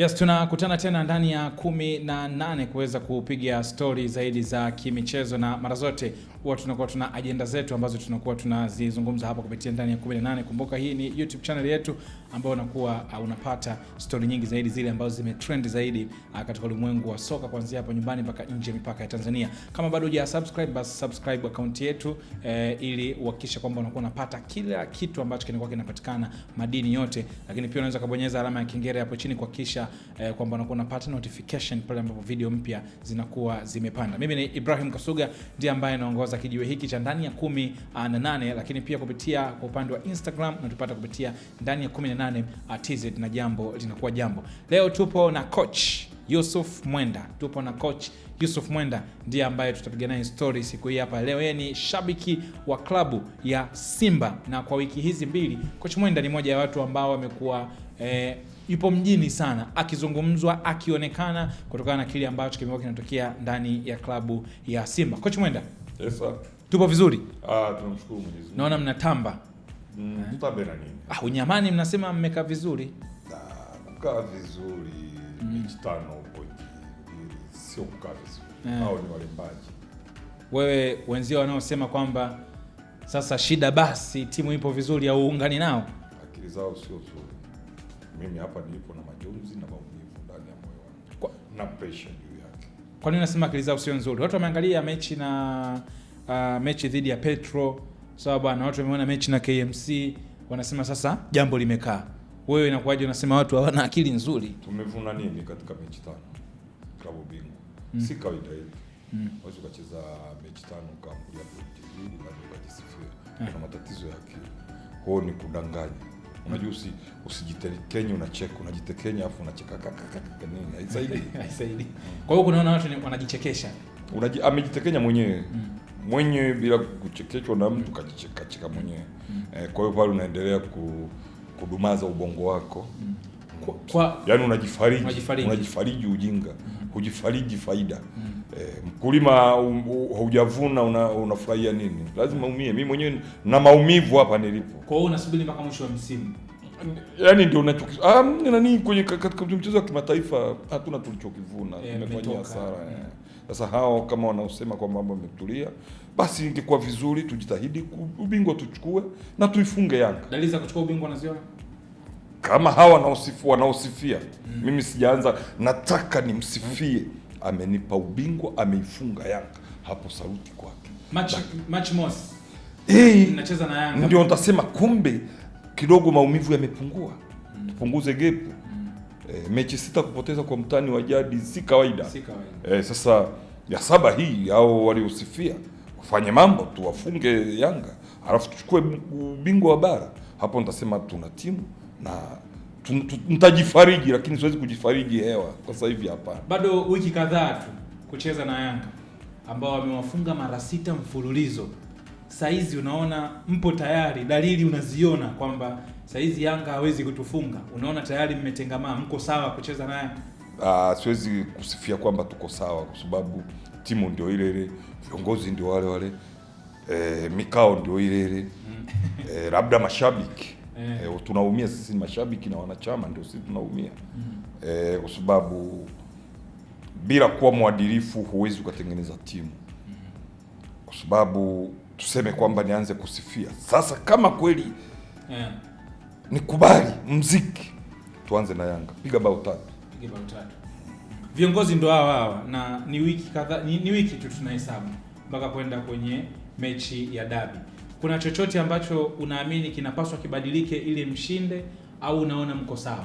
Yes, tunakutana tena ndani ya kumi na nane kuweza kupiga stori zaidi za kimichezo, na mara zote huwa tunakuwa tuna ajenda zetu ambazo tunakuwa tunazizungumza hapa kupitia ndani ya kumi na nane. Kumbuka hii ni YouTube channel yetu ambao unakuwa uh, unapata stori nyingi zaidi zile ambazo zimetrend zaidi uh, katika ulimwengu wa soka kuanzia hapa nyumbani mpaka nje mipaka ya Tanzania. Kama bado huja subscribe, basi subscribe akaunti yetu eh, ili uhakikishe kwamba unakuwa unapata kila kitu ambacho kinakuwa kinapatikana madini yote, lakini pia unaweza kubonyeza alama ya kengele hapo chini kuhakikisha eh, kwamba unakuwa unapata notification pale ambapo video mpya zinakuwa zimepanda. Mimi ni Ibrahim Kasuga ndiye ambaye naongoza kijiwe hiki cha ndani ya kumi ah, na nane, lakini pia kupitia kwa upande wa Instagram unatupata kupitia ndani ya kumi 8 uh, TZ na jambo linakuwa jambo. Leo tupo na coach Yusuf Mwenda, tupo na coach Yusuf Mwenda ndiye ambaye tutapiga naye story siku hii hapa leo. Yeye ni shabiki wa klabu ya Simba, na kwa wiki hizi mbili coach Mwenda ni moja ya watu ambao wamekuwa eh, yupo mjini sana akizungumzwa, akionekana kutokana na kile ambacho kimekuwa kinatokea ndani ya klabu ya Simba. Coach Mwenda, yes, tupo vizuri? Ah, tunamshukuru Mwenyezi Mungu. Naona mnatamba mtabera mm, eh? nini? Ah, unyamani mnasema mmekaa vizuri. Kukaa vizuri mechi mm. tano huko sio kukaa vizuri, eh. hao ni walembaji. Wewe wenzio wanaosema kwamba sasa shida basi timu ipo vizuri au uungani nao, akili zao sio nzuri. Mimi hapa nilipo na majonzi na maumivu ndani ya moyo wangu na pressure juu yake. Kwa nini nasema akili zao sio nzuri? Watu wameangalia mechi na uh, mechi dhidi ya Petro sawa bwana, watu wameona mechi na KMC wanasema sasa jambo limekaa. Wewe inakuwaje unasema watu hawana akili nzuri? Tumevuna nini katika mechi tano klabu bingwa? Mm. Si kawaida hivi Mm. Waweza ukacheza mechi tano ukaambulia pointi mbili bado ukajisifia. Kuna matatizo ya akili. Kwao ni kudanganya. Unajua usi usijitekenya unacheka, unajitekenya afu unacheka kaka kaka nini? Haisaidii. Haisaidii. Kwa hiyo kunaona watu wanajichekesha unajua amejitekenya mwenyewe mm. mwenyewe bila kuchekechwa na mtu kajichekacheka mwenyewe mm. eh, kwa hiyo pale unaendelea ku, kudumaza ubongo wako mm. kwa, kwa, yani unajifariji unajifariji, unajifariji ujinga mm. hujifariji faida mm. eh, mkulima um, haujavuna um, um, unafurahia nini lazima mm. umie mimi mwenyewe na maumivu hapa nilipo kwa hiyo unasubiri mpaka mwisho wa msimu yaani ndio unachokisha ah, mm, nani kwenye katika mchezo wa kimataifa hatuna tulichokivuna yeah, tumefanya hasara yeah, mm. Sasa hao kama wanaosema kwa mambo yametulia, basi ingekuwa vizuri tujitahidi ubingwa tuchukue na tuifunge Yanga. Dalili za kuchukua ubingwa naziona kama hawa wanaosifu wanaosifia mm. Mimi sijaanza, nataka nimsifie, amenipa ubingwa, ameifunga Yanga, hapo saluti kwake. Match match mos eh, tunacheza na Yanga, ndio nitasema kumbe kidogo maumivu yamepungua, mm. tupunguze gap E, mechi sita kupoteza kwa mtani wa jadi si kawaida, si kawaida. E, sasa ya saba hii au waliosifia wafanye mambo tu, wafunge Yanga halafu tuchukue ubingwa wa bara, hapo nitasema tuna timu na nitajifariji, lakini siwezi kujifariji hewa kwa sasa hivi, hapana. Bado wiki kadhaa tu kucheza na Yanga ambao wamewafunga mara sita mfululizo. Saizi unaona mpo tayari, dalili unaziona kwamba Saizi Yanga hawezi kutufunga, unaona tayari mmetengamaa, mko sawa kucheza naye? Ah, siwezi kusifia kwamba tuko sawa kwa sababu timu ndio ile ile, viongozi ndio wale wale, e, mikao ndio ile ile e, labda mashabiki e, tunaumia sisi, mashabiki na wanachama ndio sisi tunaumia e, kwa sababu bila kuwa mwadilifu huwezi ukatengeneza timu, mm. kwa sababu tuseme kwamba nianze kusifia sasa, kama kweli yeah nikubali mziki, tuanze na Yanga, piga bao tatu, piga bao tatu. Viongozi ndo hawa hawa, na ni wiki kadha, ni, ni wiki tu tunahesabu mpaka kwenda kwenye mechi ya dabi. Kuna chochote ambacho unaamini kinapaswa kibadilike ili mshinde au unaona mko sawa?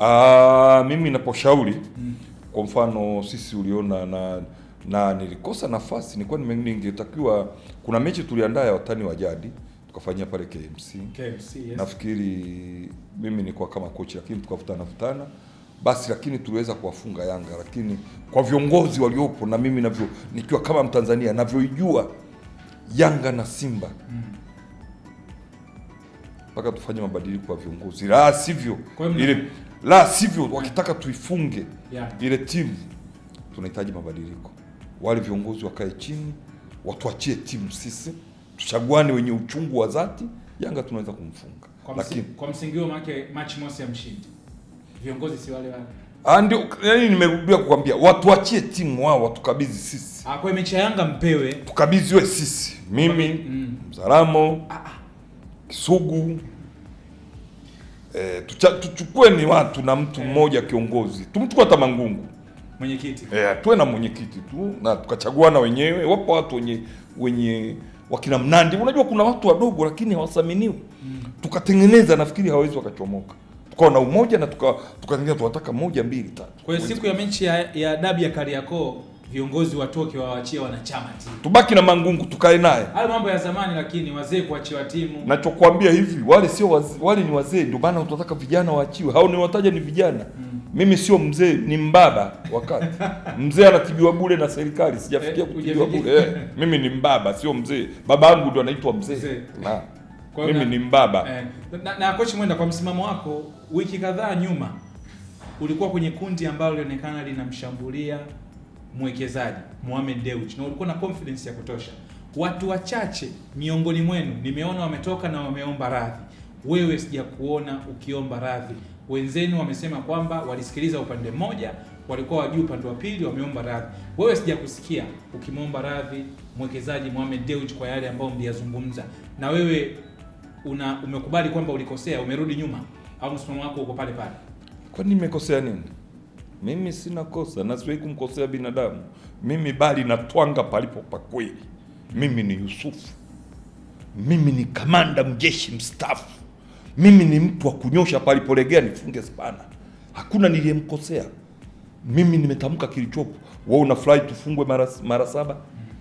Ah, mimi naposhauri mm. Kwa mfano sisi uliona na na nilikosa nafasi, nilikuwa ningetakiwa, kuna mechi tuliandaa ya watani wa jadi tukafanyia pale KMC, KMC yes. Nafikiri mimi nilikuwa kama kochi, lakini tukavutana vutana basi, lakini tuliweza kuwafunga Yanga, lakini kwa viongozi waliopo na mimi navyo nikiwa kama Mtanzania navyoijua Yanga na Simba mm. mpaka mm. tufanye mabadiliko kwa viongozi, la sivyo ile la sivyo wakitaka tuifunge yeah. ile timu tunahitaji mabadiliko, wale viongozi wakae chini, watuachie timu sisi tuchaguane wenye uchungu wa dhati, Yanga tunaweza kumfunga kwa, lakini kwa msingi huo maana match mosi ya mshindi, viongozi si wale wale ah, ndio yani nimerudia kukwambia watu wachie timu wao watukabidhi sisi. Ah, kwa mechi ya Yanga mpewe, tukabidhi tukabidhiwe sisi, mimi mm. Mzaramo ah, ah. Kisugu eh, tucha, tuchukue ni watu na mtu eh. mmoja eh, kiongozi, tumchukua hata Mangungu mwenyekiti eh, tuwe na mwenyekiti tu na tukachagua na wenyewe. Wapo watu wenye wenye wakina Mnandi, unajua kuna watu wadogo lakini hawathaminiwi mm. Tukatengeneza, nafikiri hawawezi wakachomoka, tukawa na umoja na tukatengeneza, tuka tunataka moja mbili tatu. Kwa hiyo siku ya mechi ya, ya dabi ya Kariakoo viongozi watoke wawaachie wanachama timu, tubaki na Mangungu, tukae naye. Hayo mambo ya zamani, lakini wazee kuachiwa timu, nachokuambia hivi, wale sio wale ni wazee, ndio maana tunataka vijana waachiwe. Hao ni wataja ni vijana mm. Mimi sio mzee, ni mbaba. Wakati mzee anatibiwa bure na serikali, sijafikia eh, kutibiwa bure eh. Mimi ni mbaba, sio mzee. Baba yangu ndo anaitwa mzee, mimi ni mbaba eh. Na, na Coach Mwenda, kwa msimamo wako, wiki kadhaa nyuma ulikuwa kwenye kundi ambalo lilionekana linamshambulia mwekezaji Mohamed Dewji na ulikuwa na confidence ya kutosha. Watu wachache miongoni mwenu nimeona wametoka na wameomba radhi, wewe sijakuona ukiomba radhi wenzenu wamesema kwamba walisikiliza upande mmoja, walikuwa wajui upande wa pili, wameomba radhi. Wewe sijakusikia ukimwomba radhi mwekezaji Mohamed Dewji kwa yale ambayo mliyazungumza, na wewe una umekubali kwamba ulikosea, umerudi nyuma au msimamo wako uko pale pale? Kwani nimekosea nini? Mimi sina kosa na siwezi kumkosea binadamu mimi, bali natwanga palipo pa kweli. Mimi ni Yusufu, mimi ni kamanda mjeshi mstaafu mimi ni mtu wa kunyosha, palipolegea nifunge spana. Hakuna niliyemkosea, mimi nimetamka kilichopo. Wewe unafurahi tufungwe mara mara saba,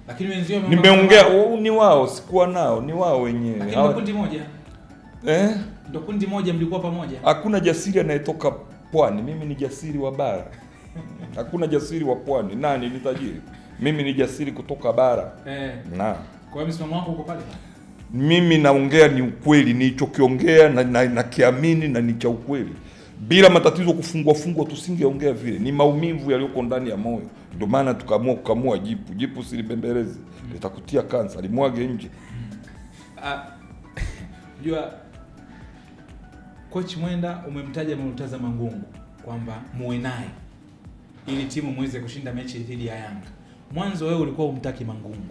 lakini wenzio nimeongea, ni wao, sikuwa nao, ni wao wenyewe. Lakini kundi moja eh, ndio kundi moja, mlikuwa pamoja. Hakuna jasiri anayetoka pwani, mimi ni jasiri wa bara. Hakuna jasiri wa pwani. Nani ni tajiri? Mimi ni jasiri kutoka bara eh. Na Kwa msimamo wako uko pale mimi naongea ni ukweli, nilichokiongea nakiamini na, na, na ni cha ukweli. Bila matatizo kufungwa fungwa tusingeongea vile, ni maumivu yaliyoko ndani ya moyo. Ndio maana tukaamua kukamua jipu. Jipu silibembelezi litakutia kansa, limwage nje. Ah, jua Coach Mwenda umemtaja Murtaza Mangungu kwamba muwe naye ili timu muweze kushinda mechi dhidi ya Yanga. Mwanzo wewe ulikuwa umtaki Mangungu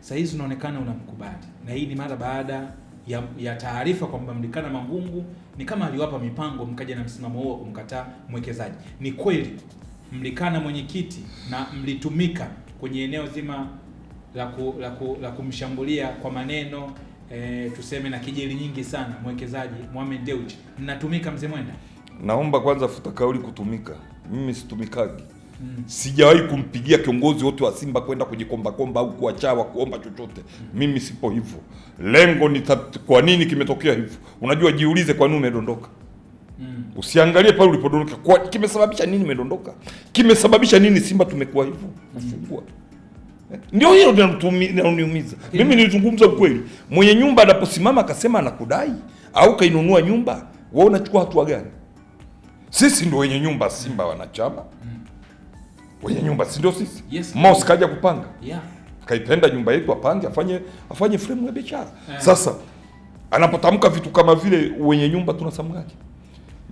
sasa hizi unaonekana unamkubali, na hii ni mara baada ya, ya taarifa kwamba Mlikana Mangungu ni kama aliwapa mipango mkaja na msimamo huo kumkataa mwekezaji. Ni kweli Mlikana mwenyekiti na mlitumika kwenye eneo zima la ku, la ku, la kumshambulia kwa maneno e, tuseme na kijeli nyingi sana mwekezaji Mohamed Dewji. Mnatumika mzee Mwenda? Naomba kwanza futa kauli kutumika. Mimi situmikagi mm. Sijawahi kumpigia kiongozi wote wa Simba kwenda kujikombakomba au kuachawa kuomba chochote mm. Mimi sipo hivyo, lengo ni kwa nini kimetokea hivyo. Unajua, jiulize kwa nini umedondoka mm. Usiangalie pale ulipodondoka, kwa kimesababisha nini umedondoka, kimesababisha nini Simba tumekuwa hivyo kufungua mm. Ndio hilo linaniumiza mimi. Nilizungumza ukweli, mwenye nyumba anaposimama akasema anakudai au kainunua nyumba, wewe unachukua hatua gani? Sisi ndio wenye nyumba Simba, wanachama wenye nyumba, si ndio sisi? Yes. Mosi kaja kupanga yeah. Kaipenda nyumba yetu, apange, afanye afanye fremu ya biashara yeah. Sasa anapotamka vitu kama vile wenye nyumba tunasamgaje?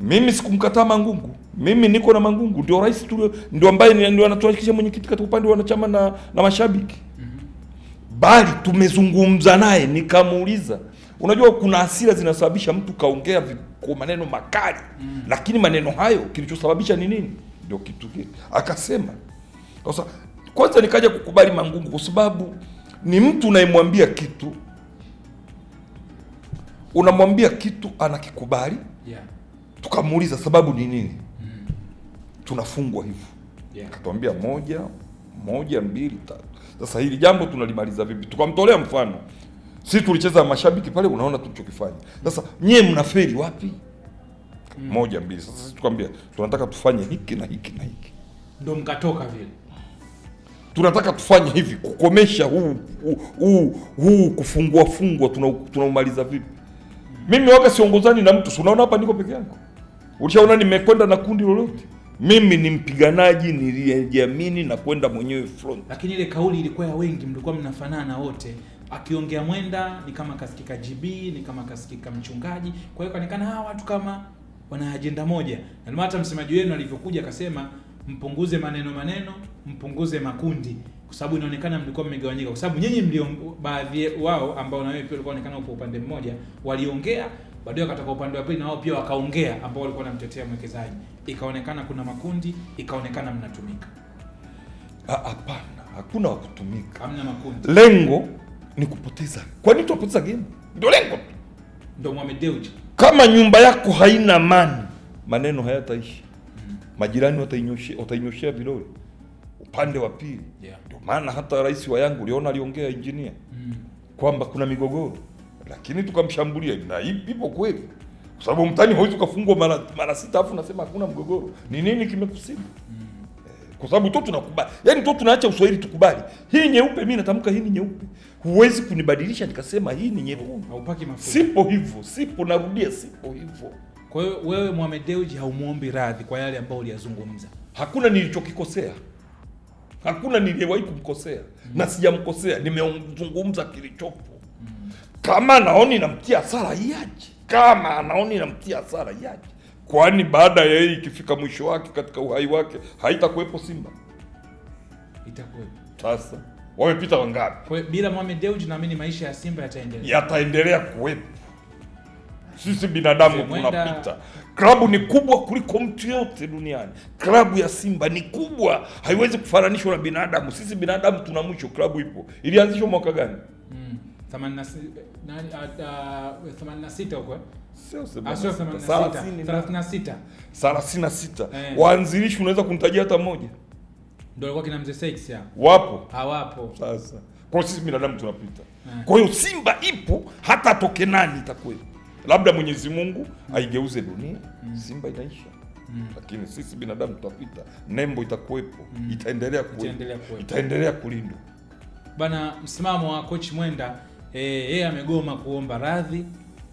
Mimi sikumkataa Mangungu, mimi niko na Mangungu, ndio rais tulio, ndio ambaye ndio anatuhakikisha mwenyekiti katika upande wa wanachama na, na mashabiki mm -hmm. Bali tumezungumza naye nikamuuliza, unajua kuna hasira zinasababisha mtu kaongea kwa maneno makali mm Lakini maneno hayo kilichosababisha ni nini? ndio kitu kile akasema. Sasa kwanza nikaja kukubali Mangungu kwa sababu ni mtu unayemwambia kitu, unamwambia kitu anakikubali, yeah. Tukamuuliza sababu ni nini? mm. Tunafungwa hivyo yeah. Akatuambia moja moja mbili tatu. Sasa hili jambo tunalimaliza vipi? Tukamtolea mfano, sisi tulicheza mashabiki pale, unaona tulichokifanya. Sasa nyie mnaferi wapi? mm. moja mbili. Sasa sisi tukwambia tunataka tufanye hiki na hiki na hiki, ndo mkatoka vile tunataka tufanye hivi kukomesha huu huu, huu, huu kufungua fungwa tunaumaliza tuna vipi? Mm. Mimi waka siongozani na mtu, unaona hapa niko peke yangu, ulishaona nimekwenda na kundi lolote. Mimi ni mpiganaji niliyejiamini na kwenda mwenyewe front. Lakini ile kauli ilikuwa ya wengi, mlikuwa mnafanana wote, akiongea mwenda ni kama kasikika GB, ni kama kasikika mchungaji. Kwa hiyo kaonekana hawa watu kama wana ajenda moja, na hata msemaji wenu alivyokuja akasema mpunguze maneno maneno, mpunguze makundi, kwa sababu inaonekana mlikuwa mmegawanyika, kwa sababu nyinyi mlio baadhi wao ambao na wewe pia walikuwa wanaonekana upo upande mmoja, waliongea baadaye wakatoka upande wa pili na wao pia wakaongea, ambao walikuwa wanamtetea mwekezaji, ikaonekana kuna makundi, ikaonekana mnatumika. Ah, hapana, hakuna wa kutumika, hamna makundi, lengo ni kupoteza. Kwa nini game? Ndio lengo, ndio Mohamed Dewji kama nyumba yako haina amani, maneno hayataishi, majirani watainyoshea watainyoshea vidole upande wa pili. Yeah. Ndio maana hata rais wa yangu uliona aliongea injinia mm. kwamba kuna migogoro, lakini tukamshambulia na ipo kweli, kwa sababu mtani hawezi ukafungwa mara mara sita afu nasema hakuna mgogoro. Ni nini kimekusibu? mm kwa sababu tu tunakubali, yaani tu tunaacha uswahili tukubali. Hii nyeupe, mimi natamka hii ni nyeupe, huwezi kunibadilisha nikasema hii ni nyeupe. Haupaki mafuta, sipo hivyo, sipo, narudia, sipo hivyo. Kwa hiyo wewe Mohamed Dewji haumuombi radhi kwa yale ambayo uliyazungumza? Hakuna nilichokikosea, hakuna niliyewahi kumkosea mm -hmm. na sijamkosea, nimezungumza kilichopo mm -hmm. kama anaoni namtia hasara iaje, kama anaoni namtia hasara iaje Kwani baada ya hii ikifika mwisho wake katika uhai wake haitakuwepo Simba? Itakuwepo. Sasa wamepita wangapi? Kwa bila Mohamed Dewji, naamini maisha ya Simba yataendelea, yataendelea kuwepo. Sisi binadamu tunapita. Klabu ni kubwa kuliko mtu yote duniani. Klabu ya Simba ni kubwa, haiwezi kufananishwa na binadamu. Sisi binadamu tuna mwisho. Klabu ipo, ilianzishwa mwaka gani? 86 mm, ah, ah, huko eh? Ah, thelathini na sita eh. waanzilishi unaweza kumtajia hata mmoja? Ndio alikuwa kina mzee Sex Wapo? Hawapo. Sasa. Kwa sisi binadamu tunapita. Eh. Kwa hiyo Simba ipo hata atoke nani itakuwepo. Labda Mwenyezi Mungu mm. aigeuze dunia, mm. Simba inaisha. Mm. Lakini sisi binadamu tutapita, nembo itakuwepo, mm. itaendelea kuwepo, itaendelea kulindwa. Bana, msimamo wa coach Mwenda eh, yeye amegoma kuomba radhi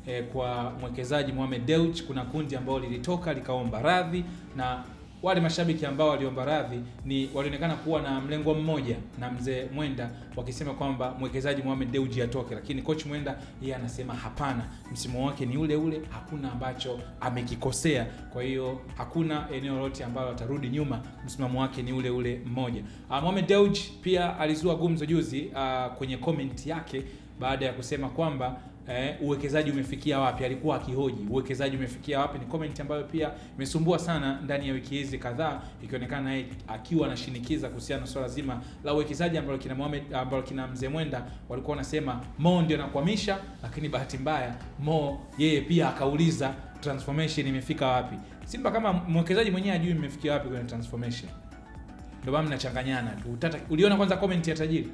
eh, kwa mwekezaji Mohamed Dewji, kuna kundi ambao lilitoka likaomba radhi na wale mashabiki ambao waliomba radhi ni walionekana kuwa na mlengo mmoja na mzee Mwenda wakisema kwamba mwekezaji Mohamed Deuji atoke, lakini coach Mwenda yeye anasema hapana, msimu wake ni ule ule, hakuna ambacho amekikosea. Kwa hiyo hakuna eneo lote ambalo atarudi nyuma, msimamo wake ni ule ule mmoja. Uh, Mohamed Deuji pia alizua gumzo juzi uh, kwenye comment yake baada ya kusema kwamba eh, uwekezaji umefikia wapi, alikuwa akihoji uwekezaji umefikia wapi. Ni comment ambayo pia imesumbua sana ndani ya wiki hizi kadhaa, ikionekana yeye akiwa anashinikiza kuhusiana na swala zima la uwekezaji ambalo kina Mohamed, ambalo kina Mzee Mwenda walikuwa wanasema Mo ndio anakwamisha, lakini bahati mbaya Mo yeye pia akauliza transformation imefika wapi. Simba kama mwekezaji mwenyewe ajui imefikia wapi kwenye transformation, ndio maana mnachanganyana tu. uliona kwanza comment ya tajiri.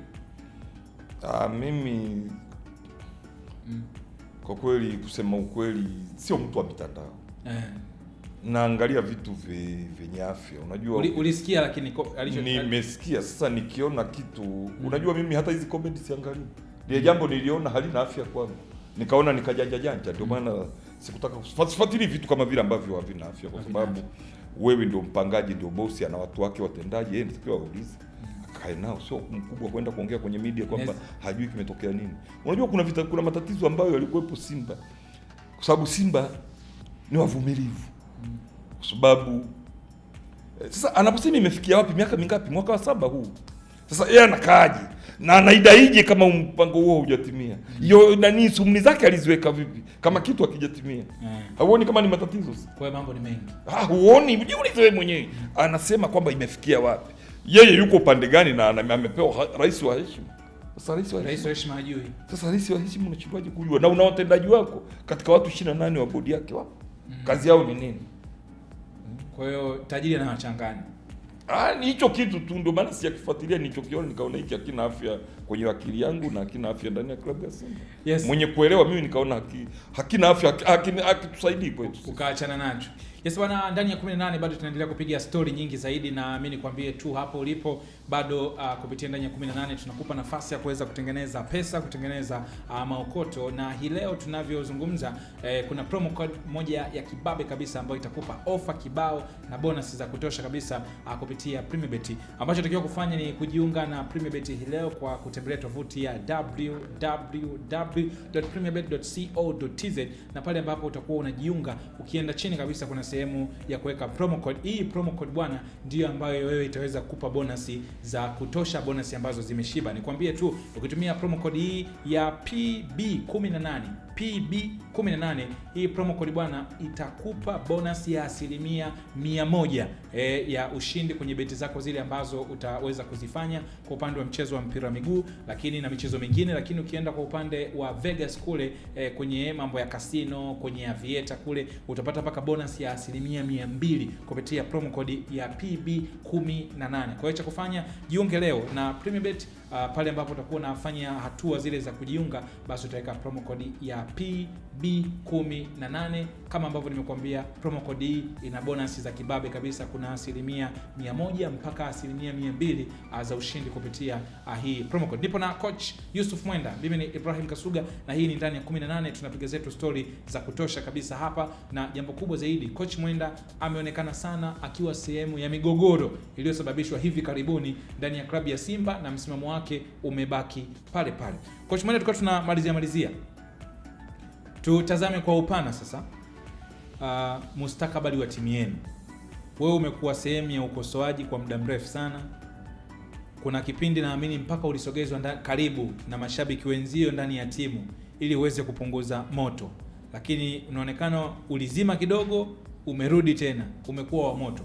Ah, mimi Mm. Kwa kweli kusema ukweli, sio mtu wa mitandao eh. Naangalia vitu vyenye afya, unajua Uli, ulisikia lakini nimesikia sasa, nikiona kitu mm. Unajua mimi hata hizi comments siangalii, ile mm. jambo niliona halina afya kwangu, nikaona nikajanja janja, ndio mm. maana mm. sikutaka kufuatilia vitu kama vile ambavyo havina afya, kwa sababu wewe ndio mpangaji, ndio bosi, ana watu wake watendaji, yeye ndio waulize akae nao, sio mkubwa kwenda kuongea kwenye media kwamba yes, hajui kimetokea nini. Unajua kuna vita, kuna matatizo ambayo yalikuwepo Simba kwa sababu Simba ni wavumilivu, kwa sababu eh, sasa anaposema imefikia wapi, miaka mingapi, mwaka wa saba huu sasa, yeye anakaaje na anaidaije kama mpango huo hujatimia? Hiyo mm. nani sumuni zake aliziweka vipi kama mm. kitu hakijatimia? Mm. Hauoni kama ni matatizo? Kwa mambo ni mengi. Ah, huoni? Jiulize wewe mwenyewe. Anasema kwamba imefikia wapi? yeye yuko upande gani na amepewa rais wa heshima? Sasa rais wa heshima hajui. Sasa rais wa heshima unachukuaje kujua? Na una watendaji wako katika watu 28 wa bodi yake wapo, mm. kazi yao ni nini? Kwa hiyo tajiri anawachanganya Ah, ni hicho kitu tu, ndio maana sijakifuatilia, nilichokiona nikaona hiki hakina afya kwenye akili yangu na hakina afya ndani ya klabu ya Simba. Yes. Mwenye kuelewa mimi nikaona haki, hakina afya hakitusaidii kwetu. Ukaachana nacho. Yes bwana, ndani ya 18 bado tunaendelea kupiga story nyingi zaidi, na mimi nikwambie tu hapo ulipo bado uh, kupitia ndani ya 18 tunakupa nafasi ya kuweza kutengeneza pesa, kutengeneza uh, maokoto, na hii leo tunavyozungumza eh, kuna promo code moja ya kibabe kabisa ambayo itakupa ofa kibao na bonus za kutosha kabisa uh, kupitia kupitia Primebet. Ambacho takiwa kufanya ni kujiunga na Primebet hii leo kwa kutembelea tovuti ya www.primebet.co.tz na pale ambapo utakuwa unajiunga, ukienda chini kabisa kuna sehemu ya kuweka promo code. Hii promo code bwana, ndiyo ambayo wewe itaweza kupa bonasi za kutosha, bonasi ambazo zimeshiba. Nikwambie tu ukitumia promo code hii ya PB18 PB18. Hii promo code bwana itakupa bonus ya asilimia mia moja e, ya ushindi kwenye beti zako zile ambazo utaweza kuzifanya kwa upande wa mchezo wa mpira wa miguu, lakini na michezo mingine. Lakini ukienda kwa upande wa Vegas kule e, kwenye mambo ya kasino, kwenye avieta kule utapata mpaka bonus ya asilimia mia mbili kupitia promo code ya PB18. Kwa hiyo cha kufanya jiunge leo na Premier Bet uh, pale ambapo utakuwa unafanya hatua zile za kujiunga, basi utaweka promo code ya PB18. Kama ambavyo nimekuambia, promo code hii ina bonus za kibabe kabisa. Kuna asilimia 100 mpaka asilimia 200 uh, ah, za ushindi kupitia uh, hii promo code. ndipo na coach Yusuf Mwenda, mimi ni Ibrahim Kasuga na hii ni ndani ya 18. Tunapiga zetu stori za kutosha kabisa hapa, na jambo kubwa zaidi, coach Mwenda ameonekana sana akiwa sehemu ya migogoro iliyosababishwa hivi karibuni ndani ya klabu ya Simba na msimamo wake umebaki pale pale. Coach Mwenda, tuna tunamalizia malizia, tutazame kwa upana sasa, uh, mustakabali wa timu yenu. Wewe umekuwa sehemu ya ukosoaji kwa muda mrefu sana. Kuna kipindi naamini mpaka ulisogezwa karibu na mashabiki wenzio ndani ya timu ili uweze kupunguza moto, lakini unaonekana ulizima kidogo, umerudi tena, umekuwa wa moto.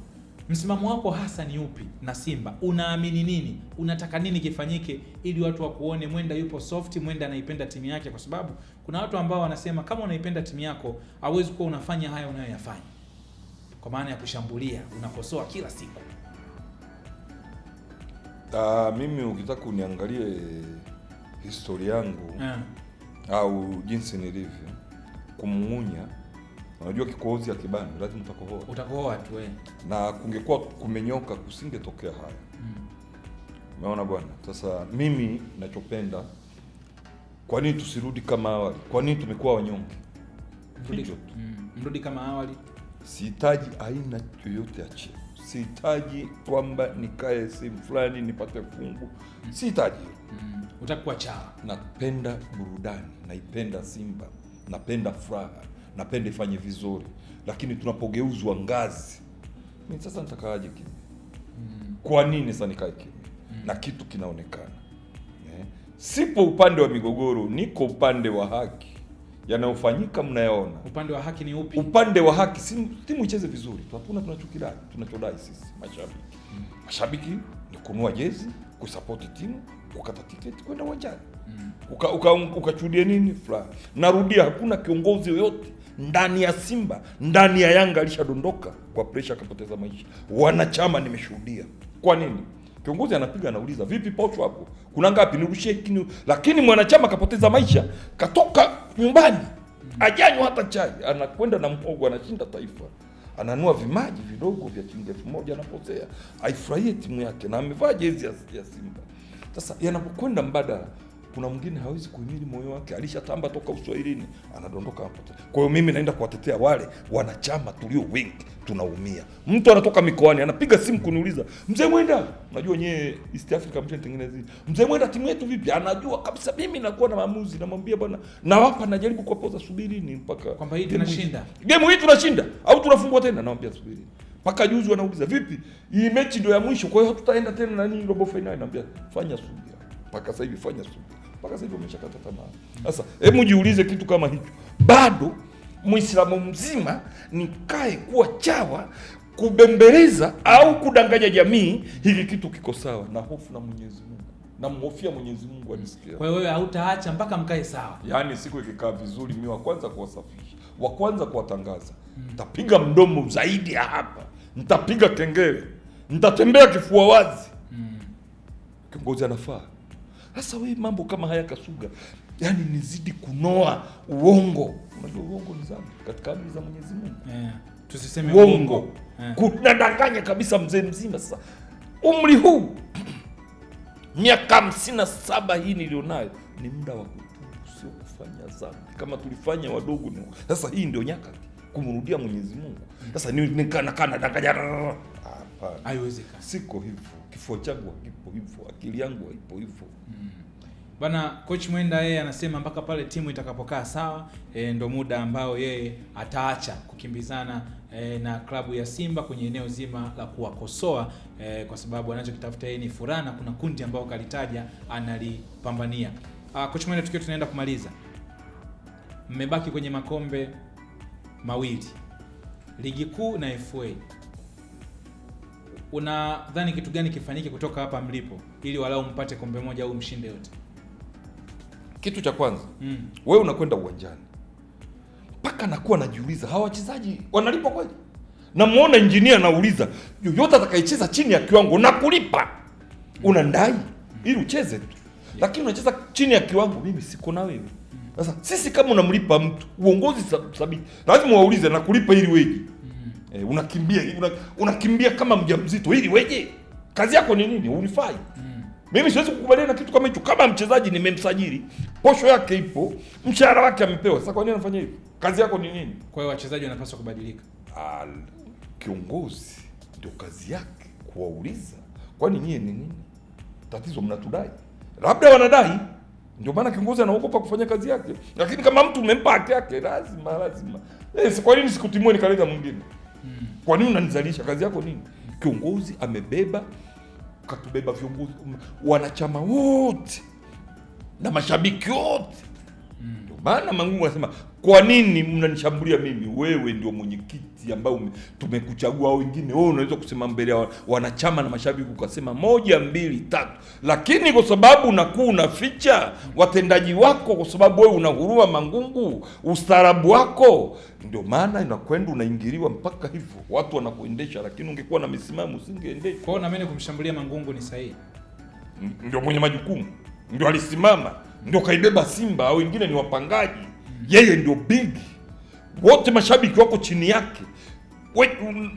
Msimamo wako hasa ni upi na Simba? Unaamini nini? Unataka nini kifanyike ili watu wakuone mwenda yupo soft, mwenda anaipenda timu yake? Kwa sababu kuna watu ambao wanasema kama unaipenda timu yako hauwezi kuwa unafanya haya unayoyafanya, kwa maana ya kushambulia, unakosoa kila siku. Uh, mimi ukitaka uniangalie historia yangu yeah, au jinsi nilivyo kumng'unya Unajua kikohozi ya kibani lazima utakohoa, utakohoa tu wewe, eh. na kungekuwa kumenyoka kusingetokea haya. Hmm. Umeona Bwana, sasa mimi nachopenda, kwa nini tusirudi kama awali? Kwa nini tumekuwa wanyonge? Mrudi mm. kama awali. Sihitaji aina yoyote ya cheo, sihitaji kwamba nikae sehemu fulani nipate fungu, hmm. sihitaji mm. utakuwa cha. Napenda burudani, naipenda Simba, napenda furaha napenda ifanye vizuri, lakini tunapogeuzwa ngazi, mi sasa nitakaaje mm. kwa nini sasa nikae mm. na kitu kinaonekana yeah. Sipo upande wa migogoro, niko upande wa haki yanayofanyika mnayaona. Upande wa haki ni upi? Upande wa haki, timu icheze vizuri tu, hakuna tunachodai. Tunachodai sisi mashabiki mm. mashabiki ni kunua jezi, kusapoti timu, kukata tiketi kwenda uwanjani mm. ukachudia uka, uka nini fulani. Narudia, hakuna kiongozi yoyote ndani ya Simba, ndani ya Yanga alishadondoka kwa presha, akapoteza maisha. Wanachama nimeshuhudia. Kwa nini? Kiongozi anapiga anauliza, vipi pauchu hapo kuna ngapi? Nirushie kini. Lakini mwanachama kapoteza maisha, katoka nyumbani ajanywa hata chai, anakwenda na mpogo, anashinda taifa ananua vimaji vidogo vya shilingi elfu moja anapotea, aifurahie timu yake na amevaa jezi ya Simba. Sasa yanapokwenda mbadala kuna mwingine hawezi kuhimili moyo wake, alishatamba toka uswahilini, anadondoka hapo. Kwa hiyo mimi naenda kuwatetea wale wanachama tulio wengi tunaumia. Mtu anatoka mikoani anapiga simu kuniuliza, mzee Mwenda, unajua nyie East Africa mshatengeneza hivi, mzee Mwenda, timu yetu vipi? Anajua kabisa mimi nakuwa na maamuzi, namwambia bwana, nawapa, najaribu kuwapoza, subirini mpaka kwamba hii tunashinda game hii tunashinda au tunafungwa tena, nawambia subirini mpaka juzi wanauliza vipi, hii mechi ndio ya mwisho, kwa hiyo hatutaenda tena nani robo fainali. Naambia fanya subira, mpaka sasa hivi fanya subira mpaka sasa hivi umeshakata tamaa. Sasa hebu jiulize kitu kama hicho, bado Muislamu mzima nikae kuwa chawa kubembeleza au kudanganya jamii, hiki kitu kiko sawa? Na hofu na Mwenyezi Mungu, namhofia Mwenyezi Mungu anisikia. Kwa hiyo wewe hautaacha mpaka mkae sawa, yaani siku ikikaa vizuri, mi wa kwanza kuwasafisha, wa kwanza kuwatangaza, nitapiga hmm, mdomo zaidi ya hapa, nitapiga kengele, nitatembea kifua wazi. Hmm, kiongozi anafaa sasa wewe mambo kama haya Kasuga, yani nizidi kunoa uongo. Unajua uongo ni dhambi katika amri za Mwenyezi Mungu yeah. Tusiseme uongo yeah. Kunadanganya kabisa mzee mzima. Sasa umri huu miaka hamsini na saba hii nilionayo ni muda wa kutubu, sio kufanya kama tulifanya wadogo. Sasa hii ndio nyakati kumrudia Mwenyezi Mungu. Sasa ni nikana kana nadanganya, hapana, haiwezekani. Siko hivyo, kifua changu hakipo hivyo, akili yangu haipo hivyo. mm. Bana coach Mwenda yeye anasema mpaka pale timu itakapokaa sawa, e, ndo muda ambao yeye ataacha kukimbizana e, na klabu ya Simba kwenye eneo zima la kuwakosoa e, kwa sababu anachokitafuta yeye ni furaha na kuna kundi ambao kalitaja analipambania. Ah, coach Mwenda, tukiwa tunaenda kumaliza, mmebaki kwenye makombe mawili, ligi kuu na FA. Unadhani kitu gani kifanyike kutoka hapa mlipo ili walau mpate kombe moja au mshinde yote? Kitu cha kwanza mm, wewe unakwenda uwanjani mpaka nakuwa najiuliza hawa wachezaji wanalipwa kweli? Namwona injinia anauliza yoyote atakayecheza chini ya kiwango nakulipa, mm. unandai mm, ili ucheze tu yeah, lakini unacheza chini ya kiwango, mimi siko na wewe sasa sisi kama unamlipa mtu uongozi thabiti, lazima waulize na kulipa ili weje? mm. E, unakimbia una, unakimbia kama mjamzito ili weje? kazi yako ni nini? Unifai. mm. Mm-hmm. Mimi siwezi kukubaliana na kitu kama hicho. Kama mchezaji nimemsajili, posho yake ipo, mshahara wake amepewa, sasa kwa nini anafanya hivyo? Kazi yako ni nini? Kwa hiyo wachezaji wanapaswa kubadilika. Ah, kiongozi ndio kazi yake kuwauliza, kwani nyie ni nini? Tatizo mnatudai, labda wanadai ndio maana kiongozi anaogopa kufanya kazi yake, lakini kama mtu umempa haki yake lazima lazima. Eh, kwa nini sikutimue nikaleta mwingine? Hmm. Kwa nini unanizalisha? Kazi yako nini? Kiongozi amebeba, katubeba viongozi, um, wanachama wote na mashabiki wote. Hmm. Ndio maana Mangungu anasema kwa nini mnanishambulia mimi? Wewe ndio mwenyekiti ambaye tumekuchagua, wengine wewe unaweza kusema mbele ya wanachama na mashabiki ukasema moja, mbili, tatu, lakini kwa sababu unakuwa unaficha watendaji wako, kwa sababu wewe una huruma mangungu, ustaarabu wako, ndio maana inakwenda unaingiliwa mpaka hivyo watu wanakuendesha, lakini ungekuwa na misimamo usingeendesha. Kwa hiyo na mimi kumshambulia Mangungu ni sahihi, ndio mwenye majukumu, ndio alisimama, ndio kaibeba Simba au wengine ni wapangaji yeye ndio bigi wote mashabiki wako chini yake,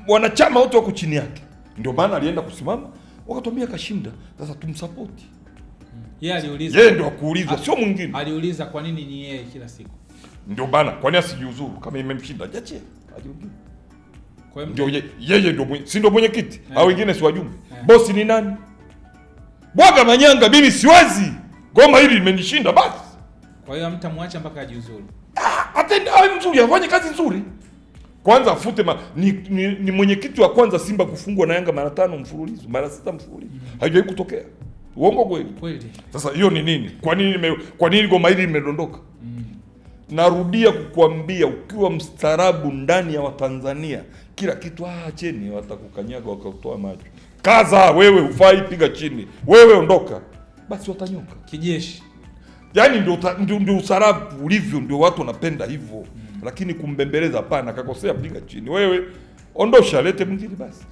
wanachama wote wako chini yake. Ndio maana alienda kusimama, wakatwambia kashinda, sasa tumsapoti hmm. yeye. Aliuliza, yeye ndio akuuliza, sio mwingine. Aliuliza kwa nini ni yeye kila siku. Ndio bana, kwa nini asijiuzuru kama imemshinda? Jache ajiuzuru. Ndio yeye ndio, si ndio mwenyekiti yeah? Au wengine si wajumbe eh. Bosi ni nani? Bwaga manyanga, mimi siwezi. Goma hili limenishinda basi. Kwa hiyo hamtamwacha mpaka ajiuzuru? Ah, Atende awe mzuri, afanye kazi nzuri kwanza, afute ma, ni, ni, ni mwenyekiti wa kwanza Simba kufungwa na Yanga mara tano mfululizo mara sita mfululizo mm. haijawahi kutokea. Uongo kweli? Kweli. Sasa hiyo ni nini? Kwa nini me, kwa nini goma hili limedondoka? mm. Narudia kukuambia ukiwa mstaarabu ndani ya Watanzania kila kitu acheni, ah, watakukanyaga wakatoa macho. Kaza wewe, ufai piga chini wewe, ondoka basi, watanyoka kijeshi yaani ndio ndio ndio usarabu ulivyo, ndio watu wanapenda hivyo mm. Lakini kumbembeleza hapana, akakosea piga chini, wewe ondosha, lete mwingine basi.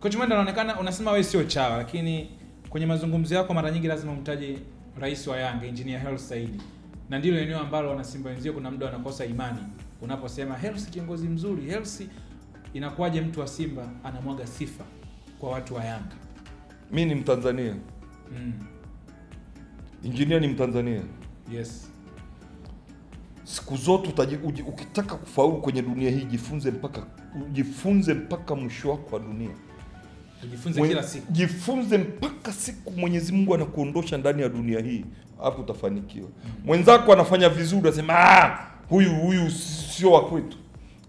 Coach Mwenda, anaonekana unasema wewe sio chawa, lakini kwenye mazungumzo yako mara nyingi lazima umtaje rais wa Yanga Engineer Hersi Said, na ndilo eneo ambalo wanasimba wenzio kuna muda wanakosa imani unaposema Hersi kiongozi mzuri. Hersi, inakuwaje mtu wa Simba anamwaga sifa kwa watu wa Yanga? Mi ni Mtanzania mm. Injinia ni Mtanzania. mm. Yes. Siku zote ukitaka kufaulu kwenye dunia hii jifunze mpaka jifunze mpaka mwisho wako wa dunia. Jifunze kila siku. Jifunze mpaka siku Mwenyezi Mungu anakuondosha ndani ya dunia hii, hapo utafanikiwa. Mwenzako anafanya vizuri, asema ah, huyu huyu sio wa kwetu.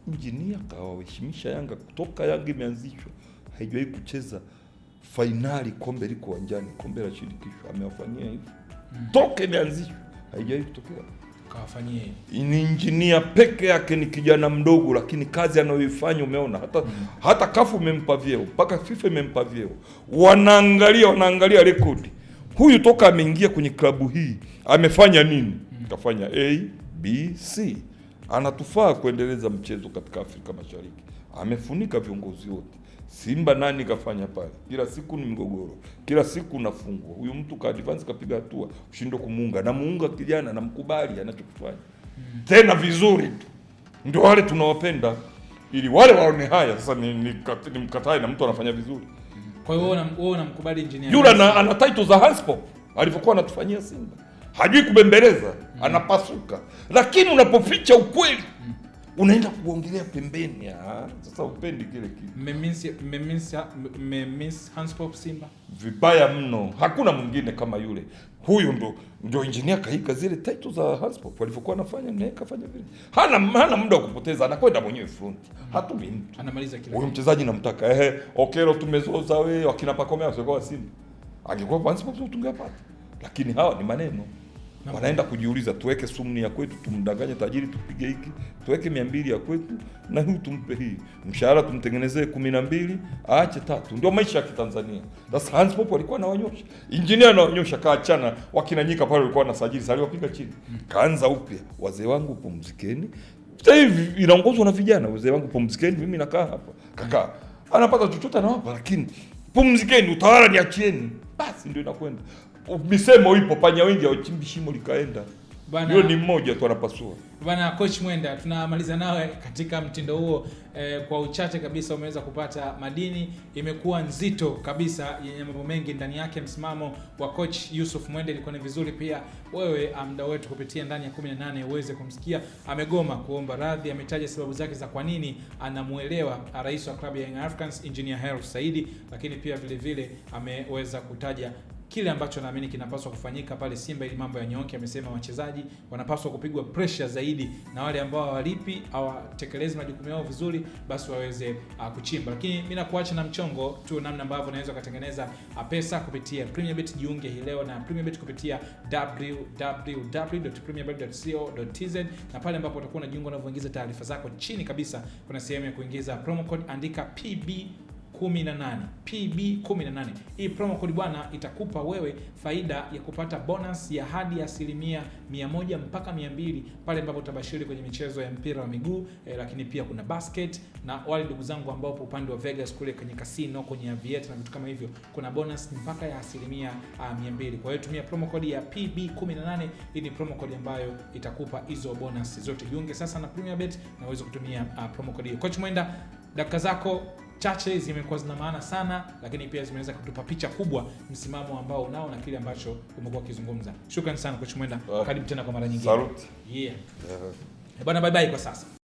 Injinia kawaheshimisha Yanga kutoka Yanga imeanzishwa haijawahi kucheza fainali, kombe liko wanjani kombe la shirikisho amewafanyia hivyo mm. toka imeanzishwa haijawahi kutokea. ni injinia peke yake, ni kijana mdogo, lakini kazi anayoifanya umeona hata mm. hata kafu imempa vyeo mpaka FIFA imempa vyeo, wanaangalia wanaangalia rekodi, huyu toka ameingia kwenye klabu hii amefanya nini? mm. kafanya A B C, anatufaa kuendeleza mchezo katika Afrika Mashariki, amefunika viongozi wote Simba nani kafanya pale? Kila siku ni mgogoro, kila siku nafungwa Huyu mtu ka advance kapiga hatua, ushindwe kumuunga. Namuunga kijana, namkubali anachokifanya mm. tena vizuri tu, ndio wale tunawapenda, ili wale waone haya sasa ni, ni, ni na mtu anafanya vizuri. Kwa hiyo wewe unamkubali engineer yule, ana title za Hanspop alivyokuwa anatufanyia Simba, hajui kubembeleza mm. anapasuka, lakini unapoficha ukweli mm unaenda kuongelea pembeni. Ah. Sasa upendi kile kitu vibaya mno, hakuna mwingine kama yule. Huyu ndo ndio injinia kaika zile title za Pop walivyokuwa anafanya, naye kafanya vile. Hana hana muda wa kupoteza, anakwenda mwenyewe front, hatumi mtu, anamaliza kile. Huyu mchezaji namtaka, ehe, Okero tumezoza, we wakina Pacome kwa Simba, angekuwa Pop tungepata, lakini hawa ni maneno wanaenda kujiuliza, tuweke sumni ya kwetu, tumdanganye tajiri, tupige hiki, tuweke mia mbili ya kwetu na huyu tumpe hii, mshahara tumtengenezee kumi na mbili aache tatu. Ndio maisha ya Kitanzania. Sasa Hans Pope alikuwa anawanyosha, injinia anawanyosha, kaachana wakinanyika pale, walikuwa wanasajili sali, wapiga chini, kaanza upya, wazee wangu pumzikeni. Sasa hivi inaongozwa na vijana, wazee wangu pumzikeni, mimi nakaa hapa, kaka anapata chochote anawapa, lakini pumzikeni, utawala niachieni. Basi ndio inakwenda misemo ipo, panya wengi hawachimbi shimo likaenda. Hiyo ni mmoja tu anapasua. Bwana Coach Mwenda, tunamaliza nawe katika mtindo huo eh, kwa uchache kabisa umeweza kupata madini. Imekuwa nzito kabisa yenye mambo mengi ndani yake. Msimamo wa Coach Yusuf mwende ilikuwa ni vizuri pia wewe amda ah, wetu kupitia ndani ya 18 uweze kumsikia. Amegoma kuomba radhi, ametaja sababu zake za kwa nini anamuelewa ah, rais wa klabu ya Young Africans Engineer Hersi saidi lakini pia vile vile ameweza kutaja kile ambacho naamini kinapaswa kufanyika pale Simba ili mambo yanyooke. Amesema wachezaji wanapaswa kupigwa pressure zaidi, na wale ambao hawalipi hawatekelezi majukumu yao vizuri, basi waweze uh, kuchimba. Lakini mimi nakuacha na mchongo tu, namna ambavyo unaweza ukatengeneza ah, pesa kupitia Premier Bet. Jiunge hii leo na Premier Bet kupitia www.premierbet.co.tz, na pale ambapo utakuwa unajiunga unavyoingiza taarifa zako, chini kabisa kuna sehemu ya kuingiza promo code, andika PB 18 PB18. Hii promo kodi bwana itakupa wewe faida ya kupata bonus ya hadi asilimia 100 mpaka 200 pale ambapo utabashiri kwenye michezo ya mpira wa miguu eh, lakini pia kuna basket na wale ndugu zangu ambao po upande wa Vegas kule kwenye casino kwenye aviet na vitu kama hivyo, kuna bonus mpaka ya asilimia 200. Ah, Kwa hiyo tumia promo kodi ya PB18. Hii ni promo kodi ambayo itakupa hizo bonus zote. Jiunge sasa na Premier Bet na uweze kutumia uh, promo kodi hiyo. Coach Mwenda, dakika zako chache zimekuwa zina maana sana, lakini pia zimeweza kutupa picha kubwa, msimamo ambao unao na kile ambacho umekuwa ukizungumza. Shukrani sana Coach Mwenda, karibu tena kwa mara nyingine. Salute. Yeah. Yeah. Bwana, bye bye kwa sasa.